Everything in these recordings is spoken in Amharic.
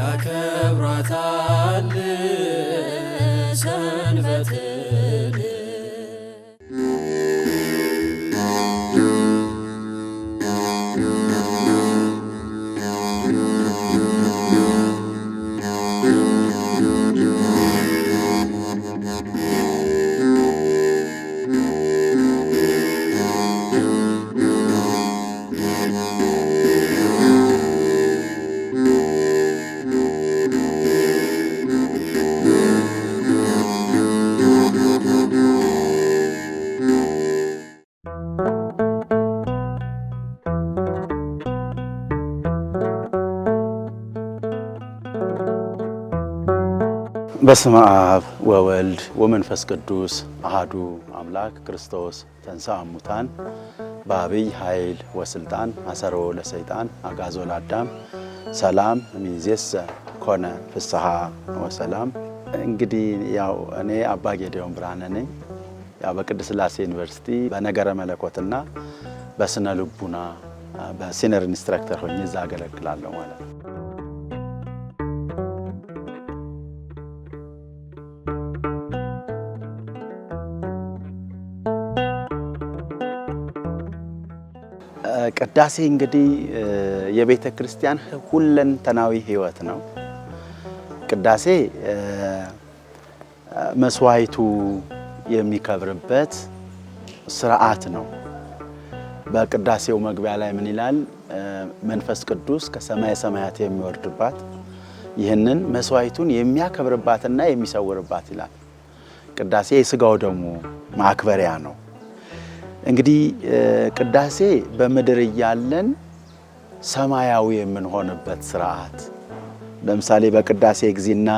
ያከብራታል ሰንበትን በስመ አብ ወወልድ ወመንፈስ ቅዱስ አህዱ አምላክ ክርስቶስ ተንሥአ እሙታን በአብይ ኃይል ወስልጣን አሰሮ ለሰይጣን አጋዞ ለአዳም ሰላም እምይእዜሰ ኮነ ፍስሐ ወሰላም። እንግዲህ ያው እኔ አባ ጌዴዎን ብርሃነ ነኝ። ያው በቅድስት ሥላሴ ዩኒቨርሲቲ በነገረ መለኮትና በስነ ልቡና በሲነር ኢንስትራክተር ሆኜ እዛ አገለግላለሁ ማለት ነው። ቅዳሴ እንግዲህ የቤተ ክርስቲያን ሁለንተናዊ ሕይወት ነው። ቅዳሴ መስዋዕቱ የሚከብርበት ስርዓት ነው። በቅዳሴው መግቢያ ላይ ምን ይላል? መንፈስ ቅዱስ ከሰማይ ሰማያት የሚወርድባት ይህንን መስዋዕቱን የሚያከብርባትና የሚሰውርባት ይላል። ቅዳሴ የስጋው ደግሞ ማክበሪያ ነው። እንግዲህ ቅዳሴ በምድር እያለን ሰማያዊ የምንሆንበት ስርዓት። ለምሳሌ በቅዳሴ ጊዜና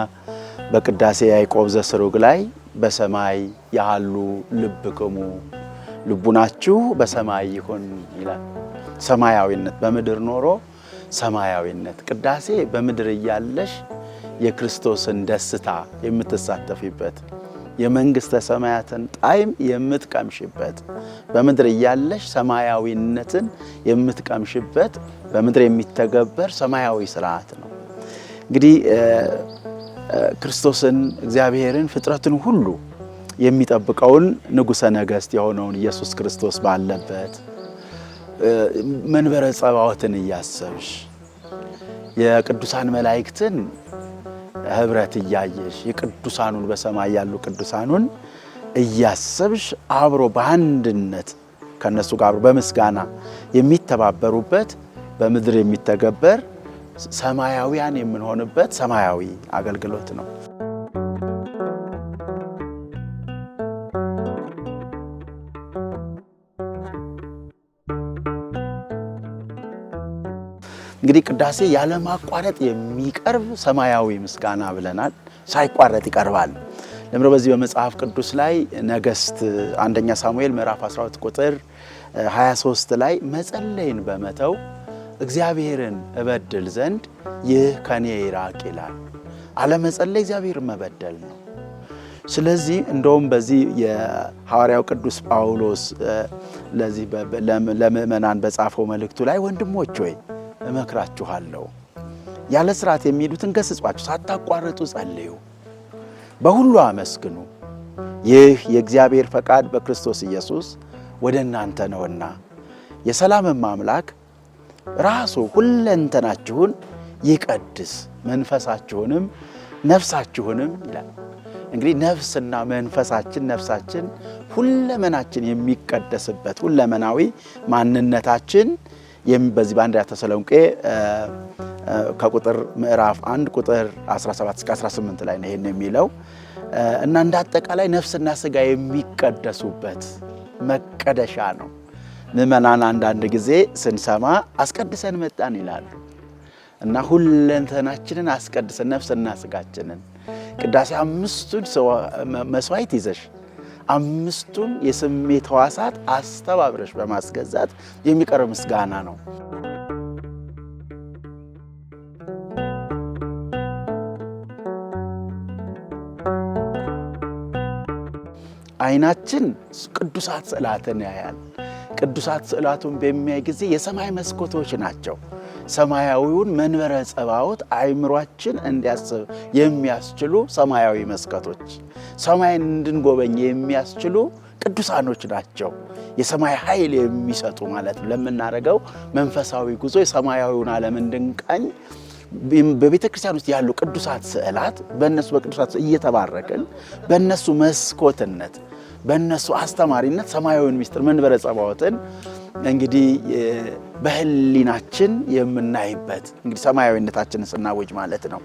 በቅዳሴ ያዕቆብ ዘስሩግ ላይ በሰማይ ያሉ ልብክሙ ልቡናችሁ በሰማይ ይሁን ይላል። ሰማያዊነት በምድር ኖሮ ሰማያዊነት ቅዳሴ በምድር እያለሽ የክርስቶስን ደስታ የምትሳተፊበት የመንግሥተ ሰማያትን ጣዕም የምትቀምሽበት በምድር እያለሽ ሰማያዊነትን የምትቀምሽበት በምድር የሚተገበር ሰማያዊ ስርዓት ነው። እንግዲህ ክርስቶስን እግዚአብሔርን ፍጥረትን ሁሉ የሚጠብቀውን ንጉሠ ነገሥት የሆነውን ኢየሱስ ክርስቶስ ባለበት መንበረ ጸባዖትን እያሰብሽ የቅዱሳን መላእክትን ህብረት እያየሽ የቅዱሳኑን በሰማይ ያሉ ቅዱሳኑን እያሰብሽ አብሮ በአንድነት ከእነሱ ጋር አብሮ በምስጋና የሚተባበሩበት በምድር የሚተገበር ሰማያዊያን የምንሆንበት ሰማያዊ አገልግሎት ነው። እንግዲህ ቅዳሴ ያለማቋረጥ የሚቀርብ ሰማያዊ ምስጋና ብለናል። ሳይቋረጥ ይቀርባል። ለምሮ በዚህ በመጽሐፍ ቅዱስ ላይ ነገስት አንደኛ ሳሙኤል ምዕራፍ 12 ቁጥር 23 ላይ መጸለይን በመተው እግዚአብሔርን እበድል ዘንድ ይህ ከኔ ይራቅ ይላል። አለመጸለይ እግዚአብሔር መበደል ነው። ስለዚህ እንደውም በዚህ የሐዋርያው ቅዱስ ጳውሎስ ለዚህ ለምእመናን በጻፈው መልእክቱ ላይ ወንድሞች ሆይ እመክራችኋለሁ። ያለ ስርዓት የሚሄዱትን ገስጿችሁ ሳታቋርጡ ጸልዩ፣ በሁሉ አመስግኑ፣ ይህ የእግዚአብሔር ፈቃድ በክርስቶስ ኢየሱስ ወደ እናንተ ነውና። የሰላምም አምላክ ራሱ ሁለንተናችሁን ይቀድስ መንፈሳችሁንም ነፍሳችሁንም ይላል። እንግዲህ ነፍስና መንፈሳችን ነፍሳችን ሁለመናችን የሚቀደስበት ሁለመናዊ ማንነታችን በዚህ በአንደኛ ተሰሎንቄ ከቁጥር ምዕራፍ 1 ቁጥር 17 እስከ 18 ላይ ነው የሚለው እና እንደ አጠቃላይ ነፍስና ስጋ የሚቀደሱበት መቀደሻ ነው። ምዕመናን አንዳንድ ጊዜ ስንሰማ አስቀድሰን መጣን ይላሉ እና ሁለንተናችንን አስቀድሰን ነፍስና ስጋችንን ቅዳሴ አምስቱን መስዋዕት ይዘሽ አምስቱን የስሜት ህዋሳት አስተባብረሽ በማስገዛት የሚቀርብ ምስጋና ነው። አይናችን ቅዱሳት ስዕላትን ያያል። ቅዱሳት ስዕላቱን በሚያይ ጊዜ የሰማይ መስኮቶች ናቸው። ሰማያዊውን መንበረ ጸባዖት አይምሯችን እንዲያስብ የሚያስችሉ ሰማያዊ መስኮቶች ሰማይን እንድንጎበኝ የሚያስችሉ ቅዱሳኖች ናቸው። የሰማይ ኃይል የሚሰጡ ማለት ነው። ለምናደርገው መንፈሳዊ ጉዞ የሰማያዊውን ዓለም እንድንቃኝ በቤተ ክርስቲያን ውስጥ ያሉ ቅዱሳት ስዕላት በእነሱ በቅዱሳት እየተባረክን በእነሱ መስኮትነት በእነሱ አስተማሪነት ሰማያዊን ሚስጥር መንበረ ጸባዖትን እንግዲህ በህሊናችን የምናይበት እንግዲህ ሰማያዊነታችንን ስናውጅ ማለት ነው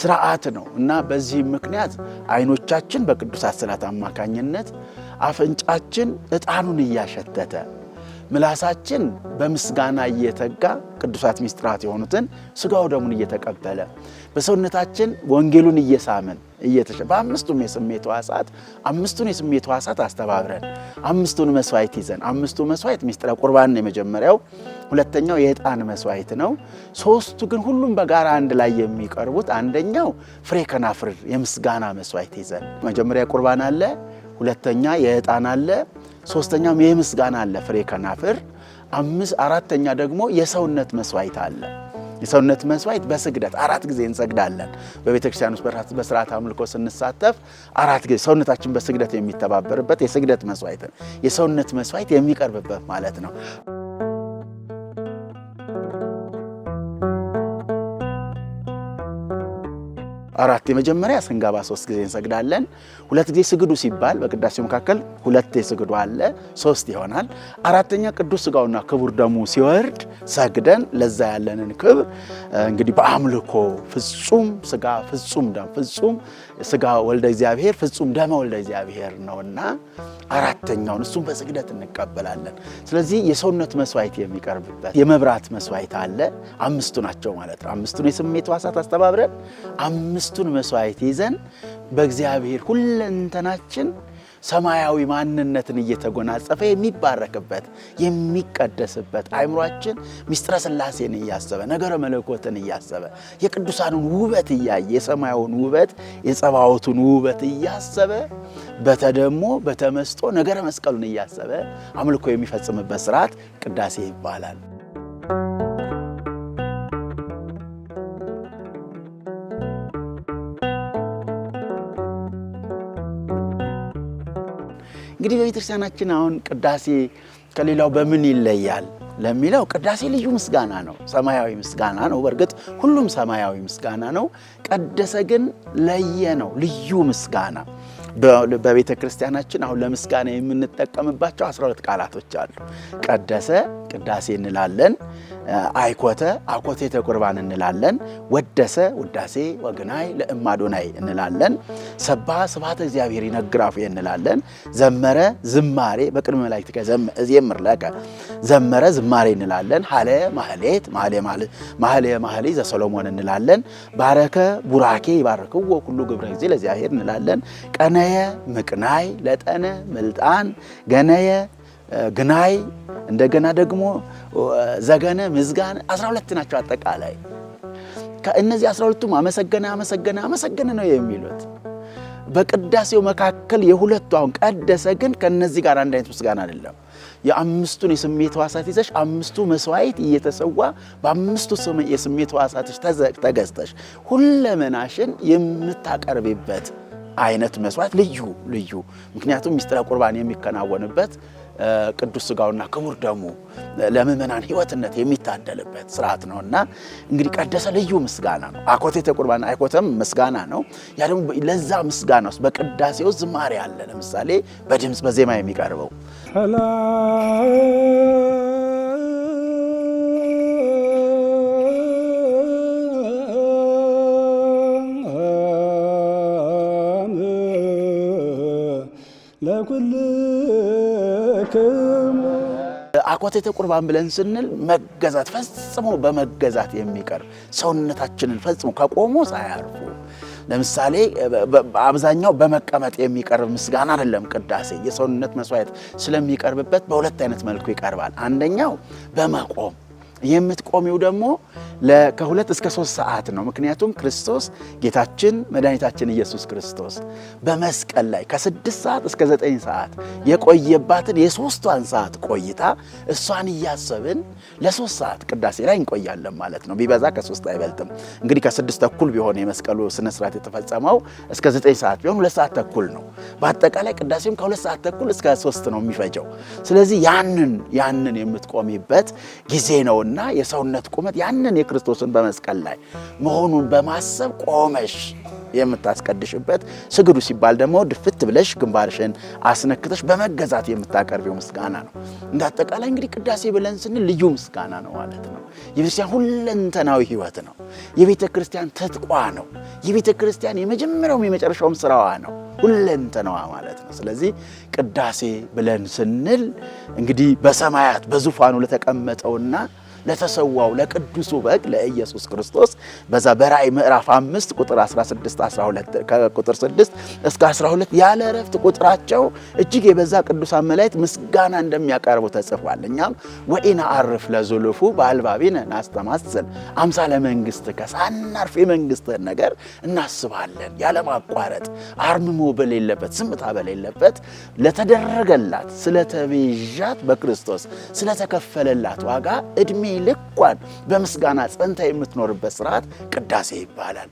ስርዓት ነው እና በዚህም ምክንያት አይኖቻችን በቅዱሳት ስዕላት አማካኝነት አፍንጫችን እጣኑን እያሸተተ ምላሳችን በምስጋና እየተጋ ቅዱሳት ሚስጥራት የሆኑትን ስጋው ደሙን እየተቀበለ በሰውነታችን ወንጌሉን እየሳመን እየተሸ በአምስቱም የስሜት ሕዋሳት አምስቱን የስሜት ሕዋሳት አስተባብረን አምስቱን መስዋዕት ይዘን አምስቱ መስዋዕት ሚስጥረ ቁርባን የመጀመሪያው። ሁለተኛው የዕጣን መስዋዕት ነው። ሶስቱ ግን ሁሉም በጋራ አንድ ላይ የሚቀርቡት አንደኛው ፍሬ ከናፍር የምስጋና መስዋዕት ይዘን መጀመሪያ ቁርባን አለ፣ ሁለተኛ የዕጣን አለ ይህ የምስጋና አለ ፍሬ ከናፍር። አምስት አራተኛ ደግሞ የሰውነት መስዋዕት አለ። የሰውነት መስዋዕት በስግደት አራት ጊዜ እንሰግዳለን። በቤተ ክርስቲያን ውስጥ በስርዓት አምልኮ ስንሳተፍ አራት ጊዜ ሰውነታችን በስግደት የሚተባበርበት የስግደት መስዋዕት፣ የሰውነት መስዋዕት የሚቀርብበት ማለት ነው። አራት የመጀመሪያ ስንገባ ሶስት ጊዜ እንሰግዳለን። ሁለት ጊዜ ስግዱ ሲባል በቅዳሴው መካከል ሁለት ስግዱ አለ፣ ሶስት ይሆናል። አራተኛ ቅዱስ ስጋውና ክቡር ደሙ ሲወርድ ሰግደን ለዛ ያለንን ክብር እንግዲህ በአምልኮ ፍጹም ስጋ ፍጹም ደም ፍጹም ስጋ ወልደ እግዚአብሔር ፍጹም ደመ ወልደ እግዚአብሔር ነውና አራተኛውን እሱም በስግደት እንቀበላለን። ስለዚህ የሰውነት መስዋዕት የሚቀርብበት የመብራት መስዋዕት አለ። አምስቱ ናቸው ማለት ነው። አምስቱን የስሜት ሕዋሳት አስተባብረን አምስቱን መስዋዕት ይዘን በእግዚአብሔር ሁለንተናችን ሰማያዊ ማንነትን እየተጎናጸፈ የሚባረክበት የሚቀደስበት አይምሯችን ሚስጥረ ሥላሴን እያሰበ ነገረ መለኮትን እያሰበ የቅዱሳኑን ውበት እያየ የሰማያውን ውበት የጸባወቱን ውበት እያሰበ በተደሞ በተመስጦ ነገረ መስቀሉን እያሰበ አምልኮ የሚፈጽምበት ስርዓት ቅዳሴ ይባላል። እንግዲህ በቤተክርስቲያናችን አሁን ቅዳሴ ከሌላው በምን ይለያል ለሚለው ቅዳሴ ልዩ ምስጋና ነው። ሰማያዊ ምስጋና ነው። በእርግጥ ሁሉም ሰማያዊ ምስጋና ነው። ቀደሰ ግን ለየ ነው። ልዩ ምስጋና በቤተ ክርስቲያናችን አሁን ለምስጋና የምንጠቀምባቸው 12 ቃላቶች አሉ። ቀደሰ ቅዳሴ እንላለን። አይኮተ አኮቴተ ቁርባን እንላለን። ወደሰ ውዳሴ ወግናይ ለእማዶናይ እንላለን። ሰባ ስብሐተ እግዚአብሔር ይነግራፉ እንላለን። ዘመረ ዝማሬ በቅድመ መላእክት ከዘምር ለከ ዘመረ ዝማሬ እንላለን። ሀለ ማህሌት ማህሌ ማህሌ ዘሰሎሞን እንላለን። ባረከ ቡራኬ ይባርከው ሁሉ ግብረ ጊዜ ለእግዚአብሔር እንላለን። ቀነ ገነየ ምቅናይ ለጠነ ምልጣን ገነየ ግናይ እንደገና ደግሞ ዘገነ ምዝጋን 12 ናቸው አጠቃላይ። ከእነዚህ 12ቱም አመሰገነ አመሰገነ አመሰገነ ነው የሚሉት። በቅዳሴው መካከል የሁለቱ አሁን ቀደሰ ግን ከነዚህ ጋር አንድ አይነት ምስጋና አይደለም። የአምስቱን የስሜት ሕዋሳት ይዘሽ አምስቱ መስዋዕት እየተሰዋ በአምስቱ የስሜት ሕዋሳትሽ ተገዝተሽ ሁለመናሽን የምታቀርቢበት አይነት መስዋዕት ልዩ ልዩ ምክንያቱም ሚስጥረ ቁርባን የሚከናወንበት ቅዱስ ስጋውና ክቡር ደሙ ለምእመናን ህይወትነት የሚታደልበት ስርዓት ነው እና እንግዲህ ቀደሰ ልዩ ምስጋና ነው። አኮቴተ ቁርባን አይኮተም ምስጋና ነው። ያ ደግሞ ለዛ ምስጋና ውስጥ በቅዳሴው ዝማሬ አለ። ለምሳሌ በድምፅ በዜማ የሚቀርበው ለኩልክሙ አኮቴተ ቁርባን ብለን ስንል መገዛት ፈጽሞ በመገዛት የሚቀር ሰውነታችንን ፈጽሞ ከቆሞ ሳያርፉ ለምሳሌ አብዛኛው በመቀመጥ የሚቀርብ ምስጋና አይደለም። ቅዳሴ የሰውነት መስዋዕት ስለሚቀርብበት በሁለት አይነት መልኩ ይቀርባል። አንደኛው በመቆም የምትቆሚው ደግሞ ከሁለት እስከ ሶስት ሰዓት ነው። ምክንያቱም ክርስቶስ ጌታችን መድኃኒታችን ኢየሱስ ክርስቶስ በመስቀል ላይ ከስድስት ሰዓት እስከ ዘጠኝ ሰዓት የቆየባትን የሶስቷን ሰዓት ቆይታ እሷን እያሰብን ለሶስት ሰዓት ቅዳሴ ላይ እንቆያለን ማለት ነው። ቢበዛ ከሶስት አይበልጥም። እንግዲህ ከስድስት ተኩል ቢሆን የመስቀሉ ስነስርዓት የተፈጸመው እስከ ዘጠኝ ሰዓት ቢሆን ሁለት ሰዓት ተኩል ነው። በአጠቃላይ ቅዳሴም ከሁለት ሰዓት ተኩል እስከ ሶስት ነው የሚፈጀው። ስለዚህ ያንን ያንን የምትቆሚበት ጊዜ ነው። ኑሮና የሰውነት ቁመት ያንን የክርስቶስን በመስቀል ላይ መሆኑን በማሰብ ቆመሽ የምታስቀድሽበት ስግዱ ሲባል ደግሞ ድፍት ብለሽ ግንባርሽን አስነክተሽ በመገዛት የምታቀርቢው ምስጋና ነው። እንደ አጠቃላይ እንግዲህ ቅዳሴ ብለን ስንል ልዩ ምስጋና ነው ማለት ነው። የቤተክርስቲያን ሁለንተናዊ ሕይወት ነው። የቤተ ክርስቲያን ትጥቋ ነው። የቤተ ክርስቲያን የመጀመሪያውም የመጨረሻውም ስራዋ ነው፣ ሁለንተናዋ ማለት ነው። ስለዚህ ቅዳሴ ብለን ስንል እንግዲህ በሰማያት በዙፋኑ ለተቀመጠውና ለተሰዋው ለቅዱሱ በግ ለኢየሱስ ክርስቶስ በዛ በራእይ ምዕራፍ 5 ቁጥር 16 12 ከቁጥር 6 እስከ 12 ያለ እረፍት ቁጥራቸው እጅግ የበዛ ቅዱሳን መላእክት ምስጋና እንደሚያቀርቡ ተጽፏል። እኛም ወኢና አርፍ ለዙልፉ በአልባቢነ ናስተማስል አምሳ ለመንግስት ከሳናርፍ የመንግስትን ነገር እናስባለን ያለማቋረጥ አርምሞ በሌለበት ዝምታ በሌለበት ለተደረገላት ስለተቤዣት በክርስቶስ ስለተከፈለላት ዋጋ እድሜ ልኳን በምስጋና ጸንታ የምትኖርበት ስርዓት ቅዳሴ ይባላል።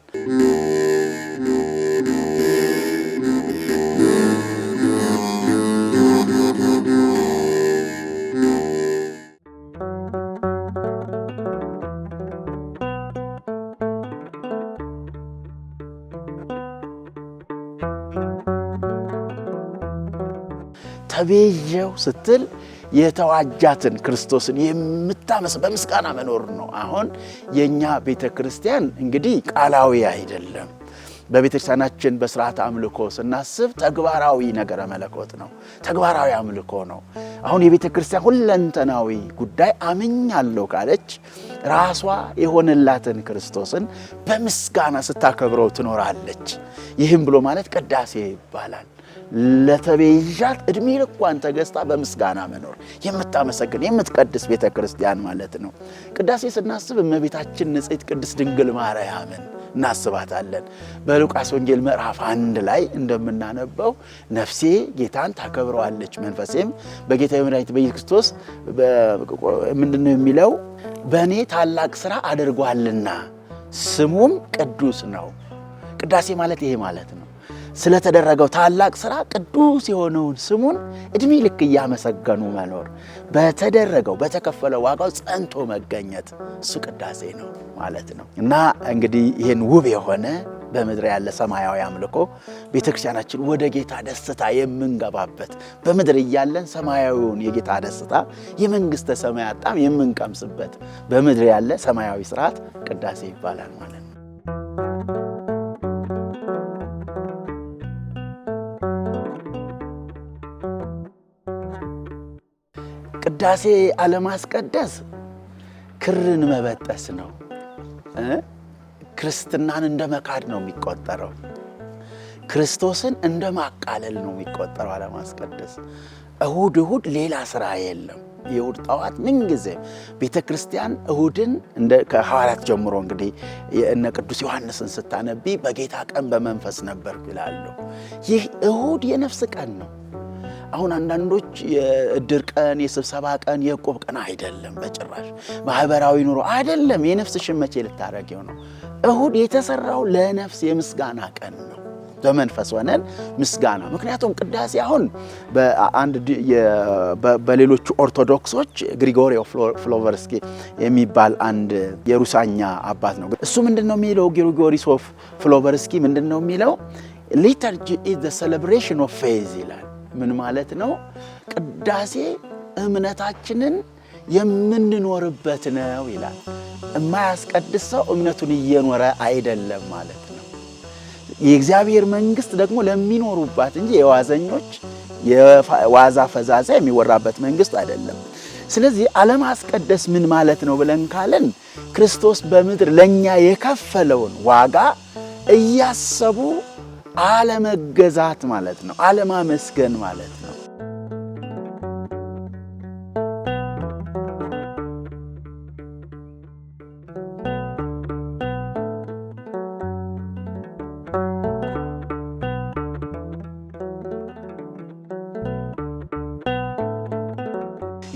ተቤዠው ስትል የተዋጃትን ክርስቶስን የምታመስ በምስጋና መኖር ነው። አሁን የእኛ ቤተ ክርስቲያን እንግዲህ ቃላዊ አይደለም። በቤተ ክርስቲያናችን በስርዓት አምልኮ ስናስብ ተግባራዊ ነገረ መለኮት ነው። ተግባራዊ አምልኮ ነው። አሁን የቤተ ክርስቲያን ሁለንተናዊ ጉዳይ አምኛለሁ ካለች ራሷ የሆነላትን ክርስቶስን በምስጋና ስታከብረው ትኖራለች። ይህም ብሎ ማለት ቅዳሴ ይባላል። ለተቤዣት እድሜ ልኳን ተገዝታ በምስጋና መኖር የምታመሰግን የምትቀድስ ቤተ ክርስቲያን ማለት ነው። ቅዳሴ ስናስብ እመቤታችን ንጽሕት ቅድስት ድንግል ማርያምን እናስባታለን። በሉቃስ ወንጌል ምዕራፍ አንድ ላይ እንደምናነበው ነፍሴ ጌታን ታከብረዋለች፣ መንፈሴም በጌታ የመድኃኒት በኢየሱስ ክርስቶስ ምንድን ነው የሚለው? በእኔ ታላቅ ሥራ አድርጓልና ስሙም ቅዱስ ነው። ቅዳሴ ማለት ይሄ ማለት ነው። ስለተደረገው ታላቅ ስራ ቅዱስ የሆነውን ስሙን እድሜ ልክ እያመሰገኑ መኖር፣ በተደረገው በተከፈለው ዋጋው ጸንቶ መገኘት እሱ ቅዳሴ ነው ማለት ነው እና እንግዲህ ይህን ውብ የሆነ በምድር ያለ ሰማያዊ አምልኮ ቤተክርስቲያናችን ወደ ጌታ ደስታ የምንገባበት በምድር እያለን ሰማያዊውን የጌታ ደስታ የመንግሥተ ሰማያት ጣዕም የምንቀምስበት በምድር ያለ ሰማያዊ ስርዓት ቅዳሴ ይባላል ማለት ነው። ቅዳሴ አለማስቀደስ ክርን መበጠስ ነው። ክርስትናን እንደ መካድ ነው የሚቆጠረው። ክርስቶስን እንደ ማቃለል ነው የሚቆጠረው አለማስቀደስ። እሁድ እሁድ ሌላ ስራ የለም። የእሁድ ጠዋት ምንጊዜ ቤተ ክርስቲያን እሁድን ከሐዋርያት ጀምሮ እንግዲህ እነ ቅዱስ ዮሐንስን ስታነቢ በጌታ ቀን በመንፈስ ነበር ይላሉ። ይህ እሁድ የነፍስ ቀን ነው። አሁን አንዳንዶች የእድር ቀን፣ የስብሰባ ቀን፣ የእቁብ ቀን አይደለም፣ በጭራሽ ማህበራዊ ኑሮ አይደለም። የነፍስሽን መቼ ልታረጊው ነው? እሁድ የተሰራው ለነፍስ የምስጋና ቀን ነው። በመንፈስ ሆነን ምስጋና ምክንያቱም ቅዳሴ አሁን በሌሎቹ ኦርቶዶክሶች ግሪጎሪ ፍሎቨርስኪ የሚባል አንድ የሩሳኛ አባት ነው። እሱ ምንድን ነው የሚለው? ግሪጎሪስ ኦፍ ፍሎቨርስኪ ምንድን ነው የሚለው? ሊተርጂ ኢዝ ዘ ሴሌብሬሽን ኦፍ ፌዝ ይላል። ምን ማለት ነው? ቅዳሴ እምነታችንን የምንኖርበት ነው ይላል። የማያስቀድስ ሰው እምነቱን እየኖረ አይደለም ማለት ነው። የእግዚአብሔር መንግስት ደግሞ ለሚኖሩባት እንጂ የዋዘኞች የዋዛ ፈዛዛ የሚወራበት መንግስት አይደለም። ስለዚህ አለማስቀደስ ምን ማለት ነው ብለን ካለን ክርስቶስ በምድር ለእኛ የከፈለውን ዋጋ እያሰቡ አለመገዛት ማለት ነው። አለማመስገን ማለት ነው።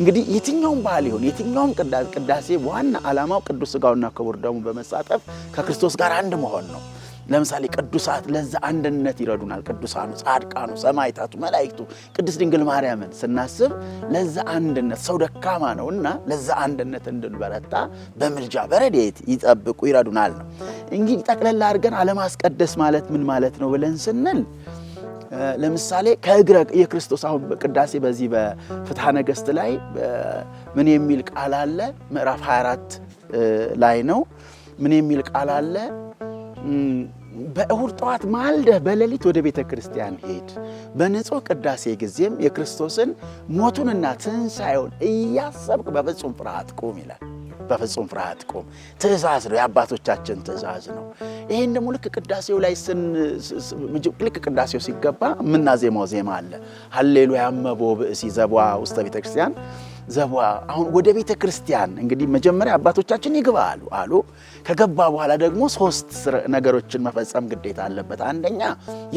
እንግዲህ የትኛውም ባህል ይሁን የትኛውም ቅዳሴ ዋና ዓላማው ቅዱስ ሥጋውና ክቡር ደሙ በመሳጠፍ ከክርስቶስ ጋር አንድ መሆን ነው። ለምሳሌ ቅዱሳት ለዛ አንድነት ይረዱናል። ቅዱሳኑ፣ ጻድቃኑ፣ ሰማይታቱ መላእክቱ፣ ቅድስት ድንግል ማርያምን ስናስብ ለዛ አንድነት ሰው ደካማ ነውና ለዛ አንድነት እንድንበረታ በምልጃ በረድኤት ይጠብቁ ይረዱናል ነው። እንግዲህ ጠቅለል አድርገን አለማስቀደስ ማለት ምን ማለት ነው ብለን ስንል ለምሳሌ ከእግረ የክርስቶስ አሁን ቅዳሴ በዚህ በፍትሐ ነገሥት ላይ ምን የሚል ቃል አለ? ምዕራፍ 24 ላይ ነው ምን የሚል ቃል አለ? በእሁድ ጠዋት ማልደህ በሌሊት ወደ ቤተ ክርስቲያን ሄድ። በንጹሕ ቅዳሴ ጊዜም የክርስቶስን ሞቱንና ትንሣኤውን እያሰብክ በፍጹም ፍርሃት ቁም ይላል። በፍጹም ፍርሃት ቁም ትእዛዝ ነው፣ የአባቶቻችን ትእዛዝ ነው። ይህን ደግሞ ልክ ቅዳሴው ላይ ልክ ቅዳሴው ሲገባ የምናዜማው ዜማ አለ። ሀሌሉያ መቦ ብእሲ ዘቧ ውስተ ቤተ ክርስቲያን ዘቧ አሁን ወደ ቤተ ክርስቲያን እንግዲህ መጀመሪያ አባቶቻችን ይግባ አሉ አሉ። ከገባ በኋላ ደግሞ ሶስት ነገሮችን መፈጸም ግዴታ አለበት። አንደኛ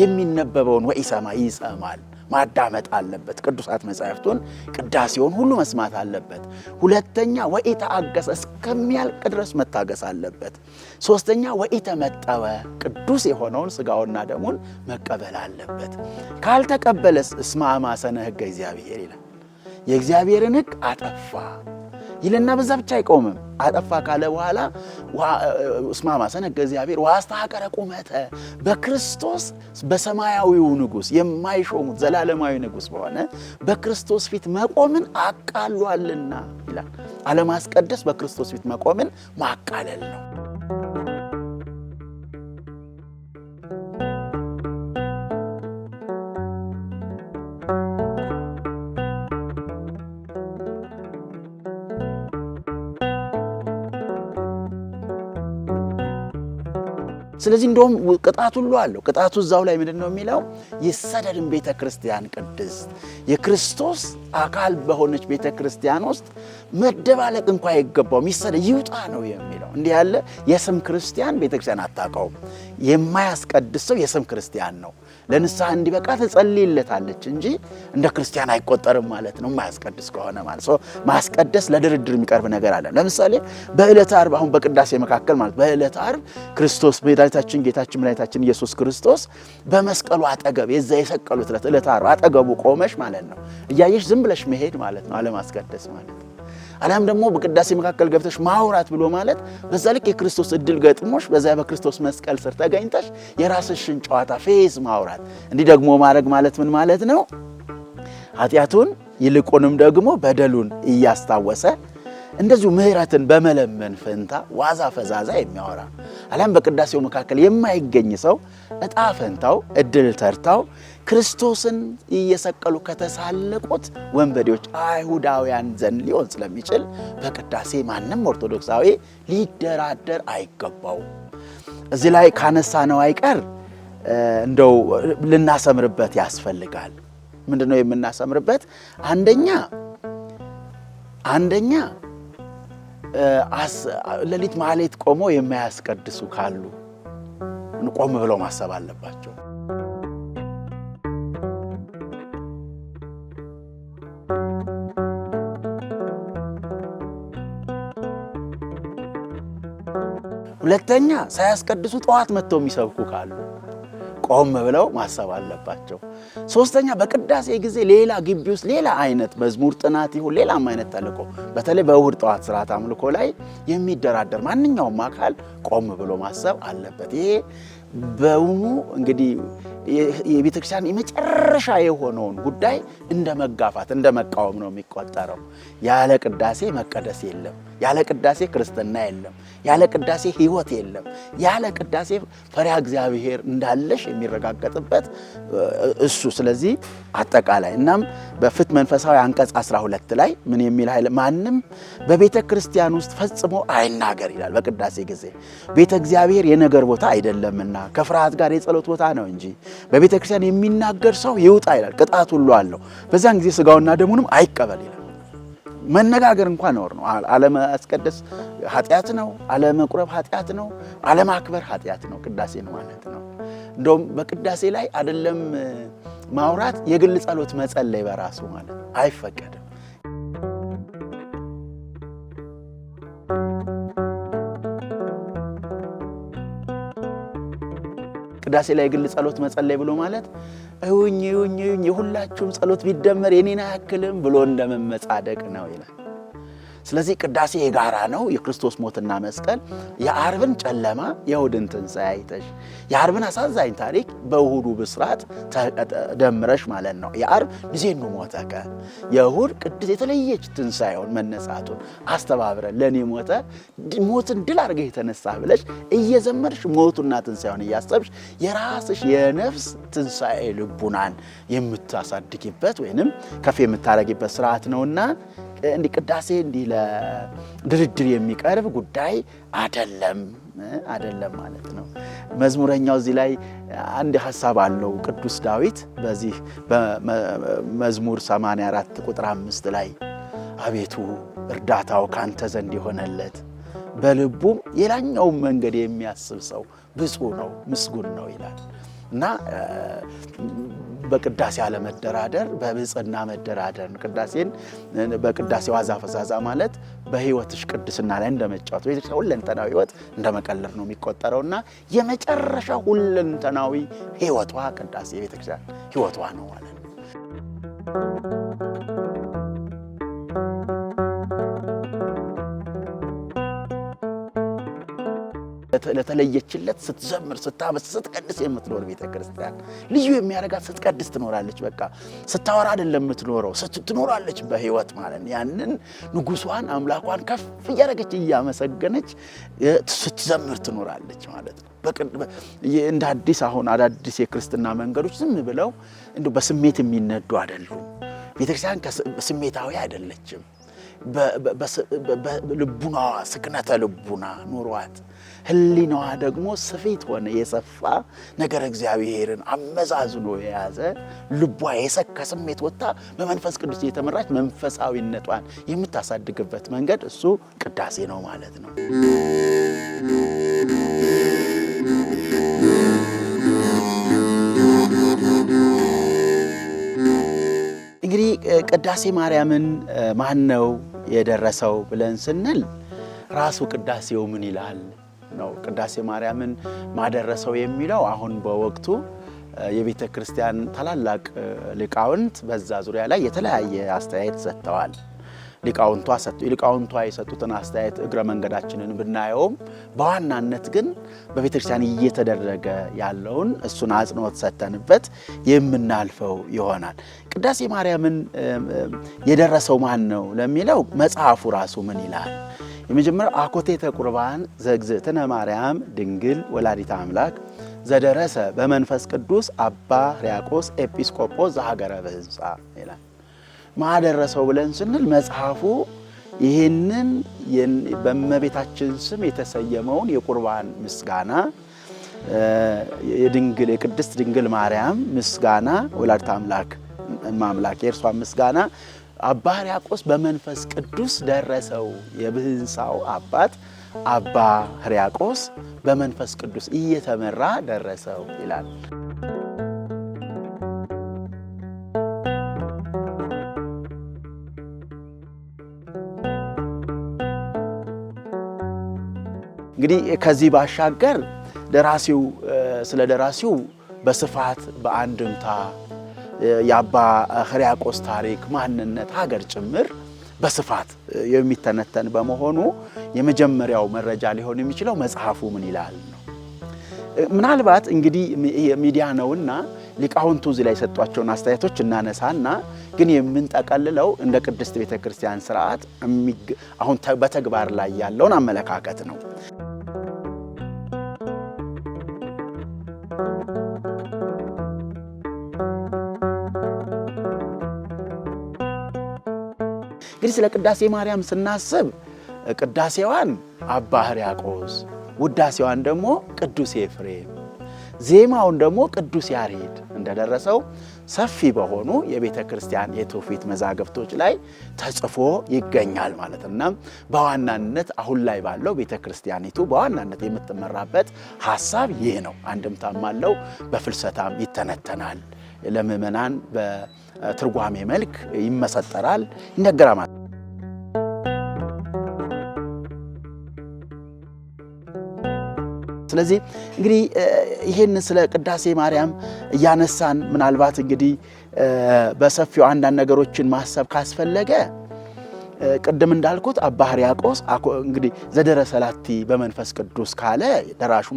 የሚነበበውን ወኢሰማ ይሰማል ማዳመጥ አለበት። ቅዱሳት መጻሕፍቱን፣ ቅዳሴውን ሁሉ መስማት አለበት። ሁለተኛ ወኢተአገሰ እስከሚያልቅ ድረስ መታገስ አለበት። ሶስተኛ ወኢተመጠወ ቅዱስ የሆነውን ስጋውና ደሙን መቀበል አለበት። ካልተቀበለስ እስማማ ሰነ ሕገ እግዚአብሔር ይላል። የእግዚአብሔርን ሕግ አጠፋ ይልና በዛ ብቻ አይቆምም። አጠፋ ካለ በኋላ እስማ ሰነገ እግዚአብሔር ወአስተሐቀረ ቁመተ በክርስቶስ በሰማያዊው ንጉሥ የማይሾሙት ዘላለማዊ ንጉሥ በሆነ በክርስቶስ ፊት መቆምን አቃሏልና ይላል። አለማስቀደስ በክርስቶስ ፊት መቆምን ማቃለል ነው። ስለዚህ እንደውም ቅጣት ሁሉ አለው። ቅጣቱ እዛው ላይ ምንድን ነው የሚለው? ይሰደድን ቤተ ክርስቲያን ቅድስት የክርስቶስ አካል በሆነች ቤተ ክርስቲያን ውስጥ መደባለቅ እንኳ አይገባውም፣ ይሰደድ ይውጣ ነው የሚል እንዲህ ያለ የስም ክርስቲያን ቤተክርስቲያን አታውቀውም። የማያስቀድስ ሰው የስም ክርስቲያን ነው። ለንስሐ እንዲበቃ ትጸልይለታለች እንጂ እንደ ክርስቲያን አይቆጠርም ማለት ነው። ማያስቀድስ ከሆነ ማለት ሰው ማስቀደስ ለድርድር የሚቀርብ ነገር አለ። ለምሳሌ በዕለተ አርብ አሁን በቅዳሴ መካከል ማለት በእለት አርብ ክርስቶስ መድኃኒታችን ጌታችን መድኃኒታችን ኢየሱስ ክርስቶስ በመስቀሉ አጠገብ የዛ የሰቀሉት ዕለተ አርብ አጠገቡ ቆመሽ ማለት ነው። እያየሽ ዝም ብለሽ መሄድ ማለት ነው። አለማስቀደስ ማለት አሊያም ደግሞ በቅዳሴ መካከል ገብተሽ ማውራት ብሎ ማለት በዛ ልክ የክርስቶስ እድል ገጥሞሽ በዛ በክርስቶስ መስቀል ስር ተገኝተሽ የራስሽን ጨዋታ ፌዝ ማውራት። እንዲህ ደግሞ ማድረግ ማለት ምን ማለት ነው? ኃጢአቱን ይልቁንም ደግሞ በደሉን እያስታወሰ እንደዚሁ ምሕረትን በመለመን ፈንታ ዋዛ ፈዛዛ የሚያወራ አሊያም በቅዳሴው መካከል የማይገኝ ሰው እጣ ፈንታው እድል ተርታው ክርስቶስን እየሰቀሉ ከተሳለቁት ወንበዴዎች አይሁዳውያን ዘንድ ሊሆን ስለሚችል በቅዳሴ ማንም ኦርቶዶክሳዊ ሊደራደር አይገባው። እዚህ ላይ ካነሳ ነው አይቀር እንደው ልናሰምርበት ያስፈልጋል። ምንድን ነው የምናሰምርበት? አንደኛ አንደኛ ሌሊት ማሌት ቆሞ የማያስቀድሱ ካሉ ቆም ብለው ማሰብ አለባቸው። ሁለተኛ ሳያስቀድሱ ጠዋት መጥተው የሚሰብኩ ካሉ ቆም ብለው ማሰብ አለባቸው። ሶስተኛ በቅዳሴ ጊዜ ሌላ ግቢ ውስጥ ሌላ አይነት መዝሙር ጥናት ይሁን ሌላም አይነት ተልእኮ በተለይ በእሁድ ጠዋት ስርዓት አምልኮ ላይ የሚደራደር ማንኛውም አካል ቆም ብሎ ማሰብ አለበት። ይሄ በውኑ እንግዲህ የቤተ ክርስቲያን የመጨረሻ የሆነውን ጉዳይ እንደ መጋፋት እንደ መቃወም ነው የሚቆጠረው። ያለ ቅዳሴ መቀደስ የለም። ያለ ቅዳሴ ክርስትና የለም። ያለ ቅዳሴ ሕይወት የለም። ያለ ቅዳሴ ፈሪሃ እግዚአብሔር እንዳለሽ የሚረጋገጥበት እሱ። ስለዚህ አጠቃላይ እናም በፍትሐ መንፈሳዊ አንቀጽ 12 ላይ ምን የሚል ኃይል ማንም በቤተ ክርስቲያን ውስጥ ፈጽሞ አይናገር ይላል። በቅዳሴ ጊዜ ቤተ እግዚአብሔር የነገር ቦታ አይደለምና ከፍርሃት ጋር የጸሎት ቦታ ነው እንጂ በቤተ ክርስቲያን የሚናገር ሰው ይውጣ ይላል፣ ቅጣት ሁሉ አለው። በዛን ጊዜ ስጋውና ደሙንም አይቀበል ይላል። መነጋገር እንኳን ነውር ነው። አለማስቀደስ ኃጢአት ነው። አለመቁረብ ኃጢአት ነው። አለማክበር ኃጢአት ነው። ቅዳሴን ማለት ነው። እንደውም በቅዳሴ ላይ አይደለም ማውራት፣ የግል ጸሎት መጸለይ በራሱ ማለት አይፈቀድም። ቅዳሴ ላይ የግል ጸሎት መጸለይ ብሎ ማለት እውኝ እውኝ እውኝ የሁላችሁም ጸሎት ቢደመር የኔን አያክልም ብሎ እንደመመጻደቅ ነው ይላል። ስለዚህ ቅዳሴ የጋራ ነው። የክርስቶስ ሞትና መስቀል የአርብን ጨለማ የእሁድን ትንሣኤ አይተሽ የአርብን አሳዛኝ ታሪክ በእሁዱ ብስራት ደምረሽ ማለት ነው። የአርብ ጊዜኑ ሞተከ የእሁድ ቅድስ የተለየች ትንሣኤውን መነሳቱን አስተባብረን ለእኔ ሞተ ሞትን ድል አድርገህ የተነሳ ብለሽ እየዘመርሽ ሞቱና ትንሣኤውን እያሰብሽ የራስሽ የነፍስ ትንሣኤ ልቡናን የምታሳድጊበት ወይንም ከፍ የምታረጊበት ስርዓት ነውና እንዲህ ቅዳሴ እንዲህ ለድርድር የሚቀርብ ጉዳይ አደለም አደለም ማለት ነው። መዝሙረኛው እዚህ ላይ አንድ ሀሳብ አለው። ቅዱስ ዳዊት በዚህ በመዝሙር 84 ቁጥር አምስት ላይ አቤቱ እርዳታው ካንተ ዘንድ የሆነለት በልቡም የላኛውን መንገድ የሚያስብ ሰው ብፁ ነው ምስጉን ነው ይላል እና በቅዳሴ አለመደራደር በብፅና መደራደር ቅዳሴን በቅዳሴ ዋዛ ፈዛዛ ማለት በህይወትሽ ቅድስና ላይ እንደመጫወት ቤተክርስቲያን ሁለንተናዊ ህይወት እንደመቀለብ ነው የሚቆጠረው የሚቆጠረውና የመጨረሻ ሁለንተናዊ ህይወቷ ቅዳሴ የቤተክርስቲያን ህይወቷ ነው ማለት ነው። ለተለየችለት ስትዘምር፣ ስታበስ፣ ስትቀድስ የምትኖር ቤተ ክርስቲያን ልዩ የሚያደርጋት ስትቀድስ ትኖራለች። በቃ ስታወራ አይደለም የምትኖረው፣ ትኖራለች በህይወት ማለት ያንን ንጉሷን አምላኳን ከፍ እያደረገች እያመሰገነች ስትዘምር ትኖራለች ማለት ነው። እንደ አዲስ አሁን አዳዲስ የክርስትና መንገዶች ዝም ብለው እንዲሁ በስሜት የሚነዱ አይደሉም። ቤተክርስቲያን ስሜታዊ አይደለችም። ልቡናዋ ስክነተ ልቡና ኑሯት ህሊናዋ ደግሞ ስፊት ሆነ የሰፋ ነገር እግዚአብሔርን አመዛዝኖ የያዘ ልቧ የሰካ ስሜት ወጥታ በመንፈስ ቅዱስ የተመራች መንፈሳዊነቷን የምታሳድግበት መንገድ እሱ ቅዳሴ ነው ማለት ነው። እንግዲህ ቅዳሴ ማርያምን ማን ነው የደረሰው ብለን ስንል ራሱ ቅዳሴው ምን ይላል ነው ቅዳሴ ማርያምን ማደረሰው የሚለው አሁን በወቅቱ የቤተ ክርስቲያን ታላላቅ ሊቃውንት በዛ ዙሪያ ላይ የተለያየ አስተያየት ሰጥተዋል። ሊቃውንቷ ሊቃውንቷ የሰጡትን አስተያየት እግረ መንገዳችንን ብናየውም በዋናነት ግን በቤተ ክርስቲያን እየተደረገ ያለውን እሱን አጽንኦት ሰተንበት የምናልፈው ይሆናል። ቅዳሴ ማርያምን የደረሰው ማን ነው ለሚለው መጽሐፉ ራሱ ምን ይላል? የመጀመሪያው አኮቴተ ቁርባን ዘእግዝእትነ ማርያም ድንግል ወላዲተ አምላክ ዘደረሰ በመንፈስ ቅዱስ አባ ሪያቆስ ኤጲስቆጶስ ዘሀገረ ብሕንጻ ይላል። ማደረሰው ብለን ስንል መጽሐፉ ይህንን በእመቤታችን ስም የተሰየመውን የቁርባን ምስጋና የድንግል የቅድስት ድንግል ማርያም ምስጋና ወላዲተ አምላክ ማምላክ የእርሷን ምስጋና አባ ሕርያቆስ በመንፈስ ቅዱስ ደረሰው። የብህንሳው አባት አባ ሕርያቆስ በመንፈስ ቅዱስ እየተመራ ደረሰው ይላል። እንግዲህ ከዚህ ባሻገር ደራሲው ስለ ደራሲው በስፋት በአንድምታ የአባ ሕርያቆስ ታሪክ፣ ማንነት፣ ሀገር ጭምር በስፋት የሚተነተን በመሆኑ የመጀመሪያው መረጃ ሊሆን የሚችለው መጽሐፉ ምን ይላል ነው። ምናልባት እንግዲህ ሚዲያ ነውና ሊቃውንቱ እዚህ ላይ የሰጧቸውን አስተያየቶች እናነሳና ግን የምንጠቀልለው እንደ ቅድስት ቤተ ክርስቲያን ስርዓት አሁን በተግባር ላይ ያለውን አመለካከት ነው። ስለዚህ ስለ ቅዳሴ ማርያም ስናስብ ቅዳሴዋን አባ ሕርያቆስ፣ ውዳሴዋን ደግሞ ቅዱስ ኤፍሬም፣ ዜማውን ደግሞ ቅዱስ ያሬድ እንደደረሰው ሰፊ በሆኑ የቤተ ክርስቲያን የትውፊት መዛግብቶች ላይ ተጽፎ ይገኛል ማለት እና በዋናነት አሁን ላይ ባለው ቤተ ክርስቲያኒቱ በዋናነት የምትመራበት ሀሳብ ይህ ነው። አንድምታም አለው፣ በፍልሰታም ይተነተናል፣ ለምእመናን በትርጓሜ መልክ ይመሰጠራል፣ ይነገራል። ስለዚህ እንግዲህ ይህን ስለ ቅዳሴ ማርያም እያነሳን ምናልባት እንግዲህ በሰፊው አንዳንድ ነገሮችን ማሰብ ካስፈለገ ቅድም እንዳልኩት አባ ሕርያቆስ እንግዲህ ዘደረ ሰላቲ በመንፈስ ቅዱስ ካለ ደራሹ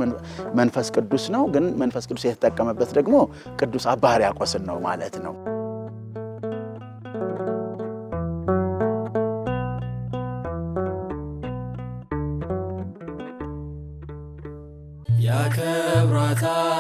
መንፈስ ቅዱስ ነው። ግን መንፈስ ቅዱስ የተጠቀመበት ደግሞ ቅዱስ አባ ሕርያቆስን ነው ማለት ነው። Father.